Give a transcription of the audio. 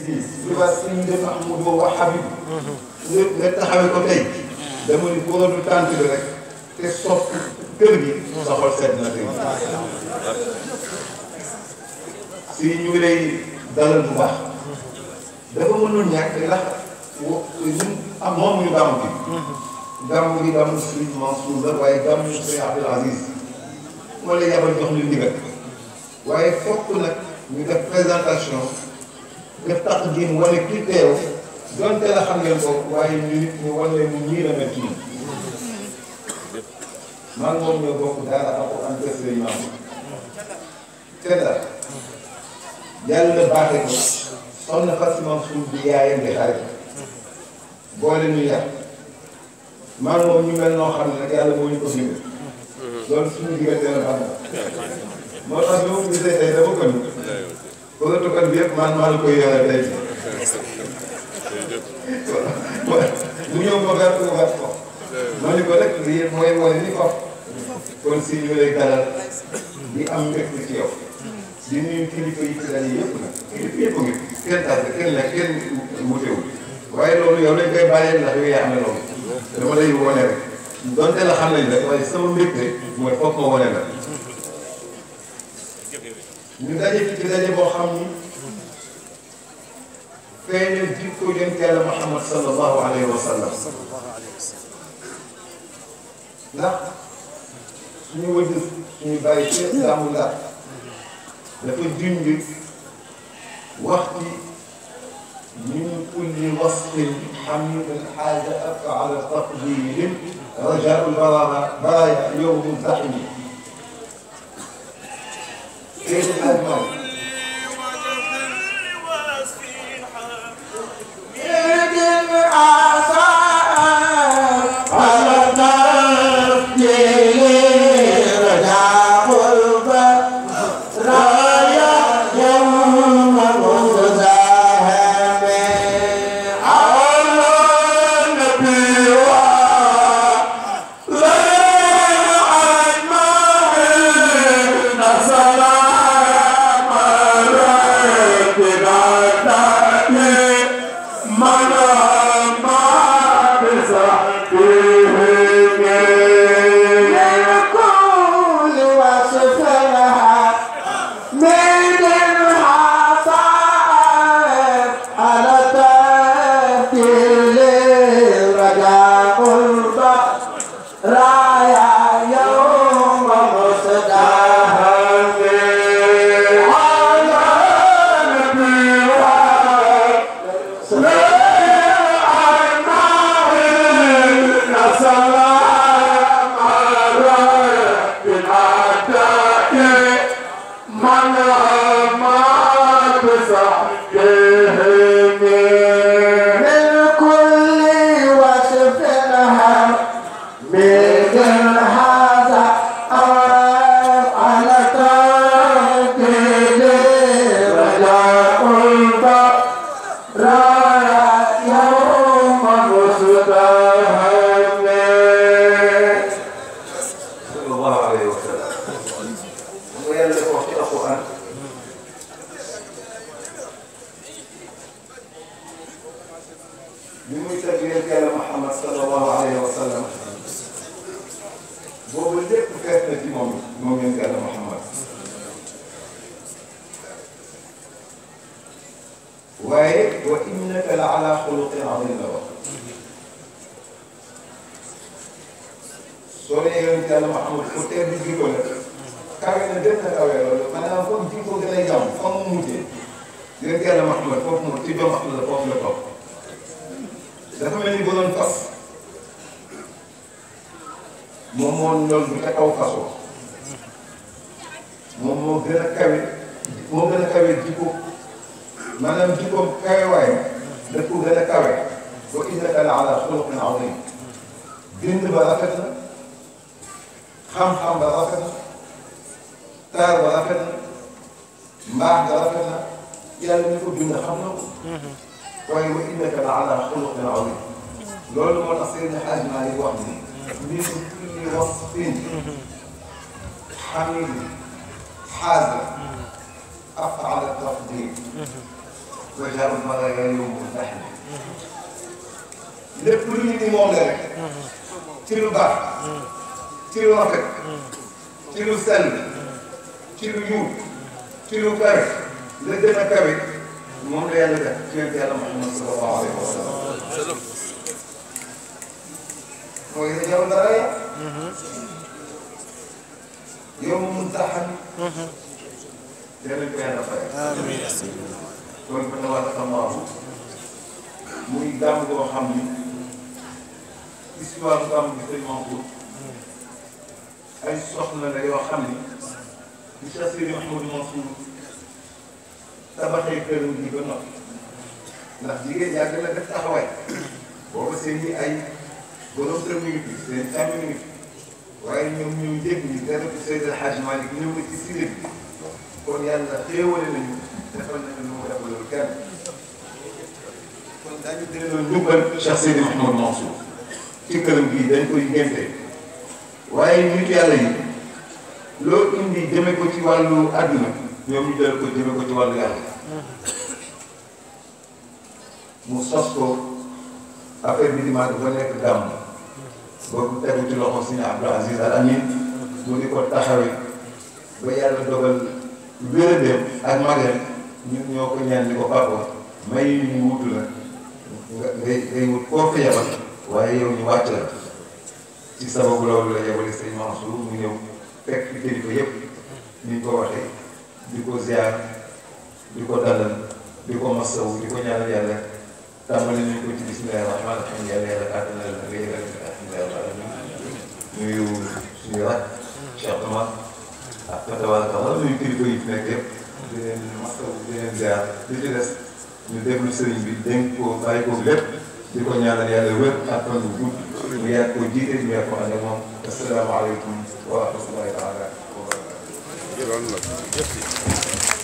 suba sëñ bi Mahmoud wax Habib. nga taxawee ko tey. dama ni boo du tànt bi rek. te sopp kër gi. sa xol sedd na tey. si ñu ngi lay dalal bu baax. dafa mënul ñàkk ndax wo ñun am moom ñu gàmm bi. gàmm bi gàmmu Sëriñ Mansour la waaye gàmmu Sëriñ Abdul Aziz. moo lay yabal jox ñu ndigal. waaye fokk nag ñu def présentation. nga tax ngeen wane ki teew donte la xam ngeen ko waaye ñu nit ñu wan leen ñii la mel man moom ñoo bokk daara alxuraan kër sëriñ maam te la yàlla baaxe ko suuf bi yaayam di xarit boole ñu yar man moom ñu mel noo xam ne yàlla moo ñu ko bind mm-hmm. loolu suñu diggante la baax na moo tax ñoo gisee tey dama ko ni protocole bi yëpp man maa la koy yore tey mooy wane ni ko kon si ñu lay dalal am mbégte ci yow di nuyu kilifa yi ci dañuy yëpp nag kilifa yëpp ngi kenn tas kenn waaye loolu yow lañ koy bàyyee ndax yow yaa am na loolu dama lay wone rek donte la xam nañ rek waaye sama mbégte mooy foog ma wone la ñu daje fi ci daje boo xam ni feeñ na jikko yonent Yàlla Muhammad sallallahu alayhi wa sallam ndax suñu wëjëf suñu bàyyi ci islaamu Ndar dafa junj wax ci من كل وصف حميد الحاجة أبقى على تقدير رجاء البرايا يوم زحمي Beijo, meu Bye. صلى الله عليه وسلم هو يلف وفي القران من تبين قال محمد صلى الله عليه وسلم بو بلدك مؤمن قال محمد so ne yonent yàlla Muhammad mu teel di jikko la kawe na gën na kawe loolu maanaam foofu jikko gën a jàmm fa mu mujjee yonent yàlla Muhammad foofu moom ci doom la foofu la topp dafa mel ni ba doon fas moom moo ñool bu ca kaw fasoo moom moo gën a kawe moo gën a kawe jikko maanaam jikko kawe waay daf ko gën a kawe wa innaka la ala xuluqin azim bind ba rafet na خم خم برافنا تار برافنا معد برافنا يا اللي يعني يكون بينا خمنا وي وإنك لعلى خلق عظيم لول ما تصيرني حاج ما لي وحدي مين كل وصفين حميد حازم أفعل على التقدير وجرب مرة يوم وفحني لكل مولاك تلبح ci lu rafet ci lu sell ci lu yuub ci lu kawe la gën a kawe moom la yàlla def ci yonent yàlla Muhammad sallallahu alayhi wa sallam mooy la yow dara ya yow mun taxan danañ ko yàlla fay kon fa tabarakallahu muy gàmm goo xam ni histoire bu am bi sëñ Mansour ay soxla la yoo xam ni monsieur Serigne Mahmoud Mansour tabaxee këram gi ba noppi ndax jigéen yàgg na def taxawaay booba seen ñi ay borom kër mi ngi fi seen càmm mi ngi fi waaye ñoom ñoo jéggi ñu dara ko Seydi El Hadj Malick ñëw na ci Sine bi kon yàlla xéewale nañu defal nañu lu mu defalul kenn kon daañu delloo njukkal Cheikh Seydi Mahmoud Mansour ci këram gii dañ koy ngénte. waaye nitu yàlla yi loo indi jëme ko ci wàllu àdduna ñoom ñu jël ko jëme ko ci wàllu yàlla mu sos ko affaire bi dimanche ba nekk gàmm boobu tegu ci loxo suñu Abdou Aziz Al Amin ñoo ko ñaan ni ko papa may ñu wutu la nga ngay wut koo fi yabal waaye yow ñu wàcc la ci sababu loolu la yebale sëñ Mansour mu ñëw fekk fi kilifa yëpp ni ñu ko waxee di ko ziar di ko dalal di ko masawu di ko ñaanal yàlla tàmbali nañ ko ci bismillahi rahmaani rahiim yàlla yàlla kàttan na la ngay yëgal nuyu suñu rakk Cheikh Omar ak fatabaarakallah nuyu kilifa yi fi nekk yëpp di leen masawu di leen ziar di ci des ñu déglu sëriñ bi dénk ko bàyyi ko lépp di ko ñaanal yàlla wér ak fan bu gudd وياك وجيت وياك وانا مام السلام عليكم ورحمه الله تعالى وبركاته.